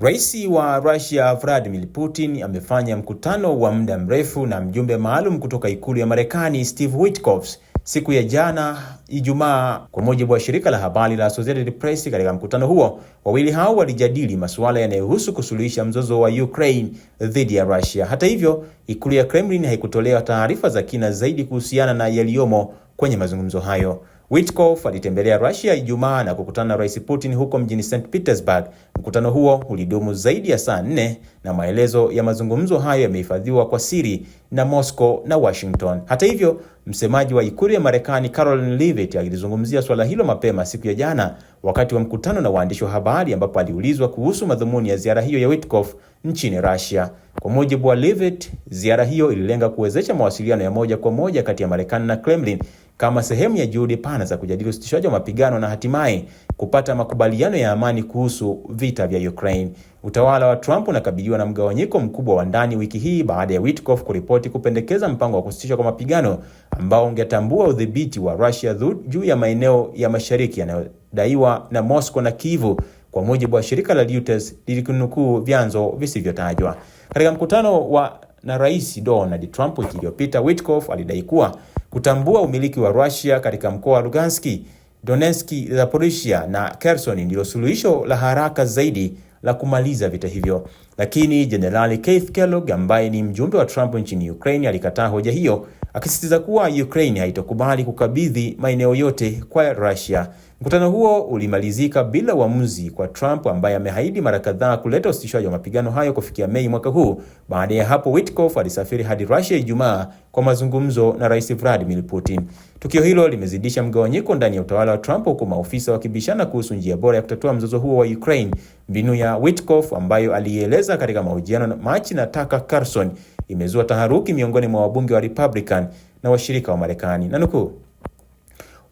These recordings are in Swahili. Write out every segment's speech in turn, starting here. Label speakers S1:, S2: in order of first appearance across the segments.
S1: Rais wa Russia Vladimir Putin amefanya mkutano wa muda mrefu na mjumbe maalum kutoka ikulu ya Marekani Steve Witkoff siku ya jana Ijumaa, kwa mujibu wa shirika la habari la Associated Press. Katika mkutano huo, wawili hao walijadili masuala yanayohusu kusuluhisha mzozo wa Ukraine dhidi ya Russia. Hata hivyo, ikulu ya Kremlin haikutolea taarifa za kina zaidi kuhusiana na yaliyomo kwenye mazungumzo hayo. Witkoff alitembelea Russia Ijumaa na kukutana na Rais Putin huko mjini St. Petersburg. Mkutano huo ulidumu zaidi ya saa nne na maelezo ya mazungumzo hayo yamehifadhiwa kwa siri na Moscow na Washington. Hata hivyo, Msemaji wa Ikulu ya Marekani carolin Leavitt alilizungumzia suala hilo mapema siku ya jana wakati wa mkutano na waandishi wa habari ambapo aliulizwa kuhusu madhumuni ya ziara hiyo ya Witkoff nchini Russia. Kwa mujibu wa Leavitt, ziara hiyo ililenga kuwezesha mawasiliano ya moja kwa moja kati ya Marekani na Kremlin kama sehemu ya juhudi pana za kujadili usitishaji wa mapigano na hatimaye kupata makubaliano ya amani kuhusu vita vya Ukraine. Utawala wa Trump unakabiliwa na mgawanyiko mkubwa wa ndani wiki hii baada ya Witkoff kuripoti kupendekeza mpango wa kusitishwa kwa mapigano ambao ungetambua udhibiti wa Russia juu ya maeneo ya mashariki yanayodaiwa na Moscow na Kyiv, kwa mujibu wa shirika la Reuters lilikunukuu vyanzo visivyotajwa. Katika mkutano wa na Rais Donald Trump wiki iliyopita, Witkoff alidai kuwa kutambua umiliki wa Russia katika mkoa wa Lugansk, Donetsk, Zaporizhia na Kherson ndiyo suluhisho la haraka zaidi la kumaliza vita hivyo, lakini Jenerali Keith Kellogg ambaye ni mjumbe wa Trump nchini Ukraine alikataa hoja hiyo, akisisitiza kuwa Ukraine haitokubali kukabidhi maeneo yote kwa Russia. Mkutano huo ulimalizika bila uamuzi kwa Trump ambaye ameahidi mara kadhaa kuleta usitishaji wa mapigano hayo kufikia Mei mwaka huu. Baada ya hapo, Witkoff alisafiri hadi Russia Ijumaa kwa mazungumzo na Rais Vladimir Putin. Tukio hilo limezidisha mgawanyiko ndani ya utawala wa Trump huku maofisa wakibishana kuhusu njia bora ya kutatua mzozo huo wa Ukraine. Mbinu ya Witkoff ambayo alieleza katika mahojiano Machi na Tucker Carlson imezua taharuki miongoni mwa wabunge wa Republican na washirika wa Marekani. Nanukuu,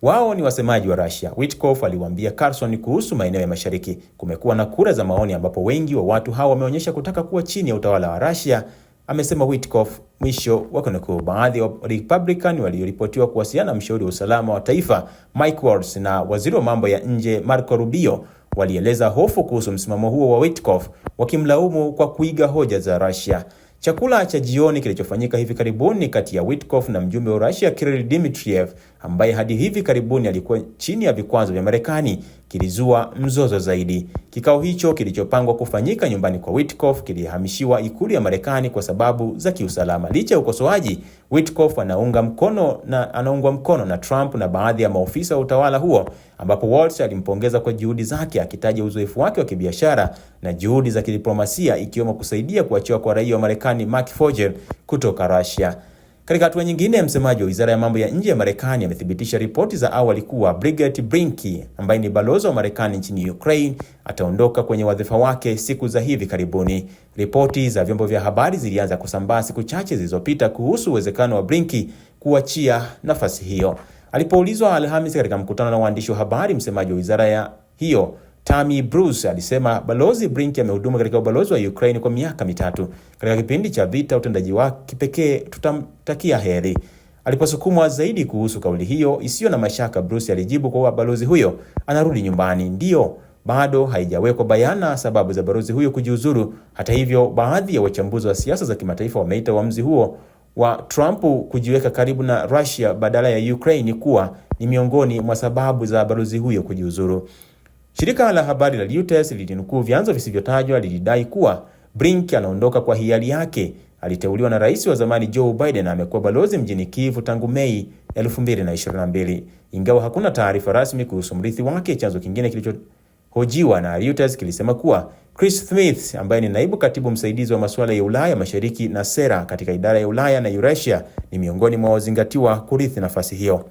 S1: wao ni wasemaji wa Russia. Witkoff aliwaambia Carson kuhusu maeneo ya mashariki. Kumekuwa na kura za maoni ambapo wengi wa watu hawa wameonyesha kutaka kuwa chini ya utawala wa Russia, amesema Witkoff. Mwisho wa kunukuu. Baadhi ya Republican walioripotiwa kuwasiliana na mshauri wa usalama wa taifa Mike Waltz na waziri wa mambo ya nje Marco Rubio walieleza hofu kuhusu msimamo huo wa Witkoff, wakimlaumu kwa kuiga hoja za Russia. Chakula cha jioni kilichofanyika hivi karibuni kati ya Witkoff na mjumbe wa Russia Kirill Dmitriev, ambaye hadi hivi karibuni alikuwa chini ya vikwazo vya Marekani, kilizua mzozo zaidi. Kikao hicho kilichopangwa kufanyika nyumbani kwa Witkoff kilihamishiwa ikulu ya Marekani kwa sababu za kiusalama. Licha ya ukosoaji, Witkoff anaunga mkono na anaungwa mkono na Trump na baadhi ya maofisa wa utawala huo, ambapo Waltz alimpongeza kwa juhudi zake akitaja uzoefu wake wa kibiashara na juhudi za kidiplomasia ikiwemo kusaidia kuachiwa kwa raia wa Marekani Mark Fogel kutoka Russia. Katika hatua nyingine, msemaji wa wizara ya mambo ya nje ya Marekani amethibitisha ripoti za awali kuwa Brigette Brinki ambaye ni balozi wa Marekani nchini Ukraine ataondoka kwenye wadhifa wake siku za hivi karibuni. Ripoti za vyombo vya habari zilianza kusambaa siku chache zilizopita kuhusu uwezekano wa Brinki kuachia nafasi hiyo. Alipoulizwa Alhamisi katika mkutano na waandishi wa habari, msemaji wa wizara ya hiyo Tammy Bruce alisema Balozi Brink amehudumu katika ubalozi wa Ukraine kwa miaka mitatu. Katika kipindi cha vita, utendaji wake kipekee, tutamtakia heri. Aliposukumwa zaidi kuhusu kauli hiyo isiyo na mashaka, Bruce alijibu kuwa balozi huyo anarudi nyumbani. Ndiyo, bado haijawekwa bayana sababu za balozi huyo kujiuzuru. Hata hivyo, baadhi ya wachambuzi wa siasa za kimataifa wameita uamuzi huo wa Trump kujiweka karibu na Russia badala ya Ukraine kuwa ni miongoni mwa sababu za balozi huyo kujiuzuru. Shirika la habari la Reuters lilinukuu vyanzo visivyotajwa lilidai kuwa Brink anaondoka kwa hiari yake. Aliteuliwa na rais wa zamani Joe Biden na amekuwa balozi mjini Kyiv tangu Mei 2022. Ingawa hakuna taarifa rasmi kuhusu mrithi wake, chanzo kingine kilichohojiwa na Reuters kilisema kuwa Chris Smith ambaye ni naibu katibu msaidizi wa masuala ya Ulaya Mashariki na sera katika idara ya Ulaya na Eurasia ni miongoni mwa wazingatiwa kurithi nafasi hiyo.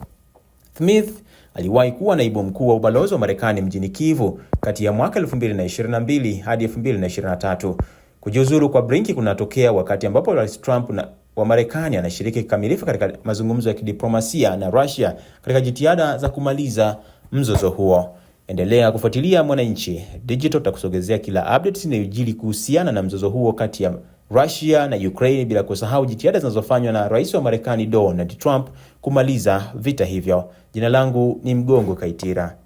S1: Smith aliwahi kuwa naibu mkuu wa ubalozi wa Marekani mjini Kivu kati ya mwaka 2022 hadi 2023. Kujiuzulu kwa Blinken kunatokea wakati ambapo Rais Trump na wa Marekani anashiriki kikamilifu katika mazungumzo ya kidiplomasia na Russia katika jitihada za kumaliza mzozo huo. Endelea kufuatilia Mwananchi Digital, takusogezea kila updates inayojili kuhusiana na mzozo huo kati ya Russia na Ukraine, bila kusahau jitihada zinazofanywa na rais wa Marekani Donald Trump kumaliza vita hivyo. Jina langu ni Mgongo Kaitira.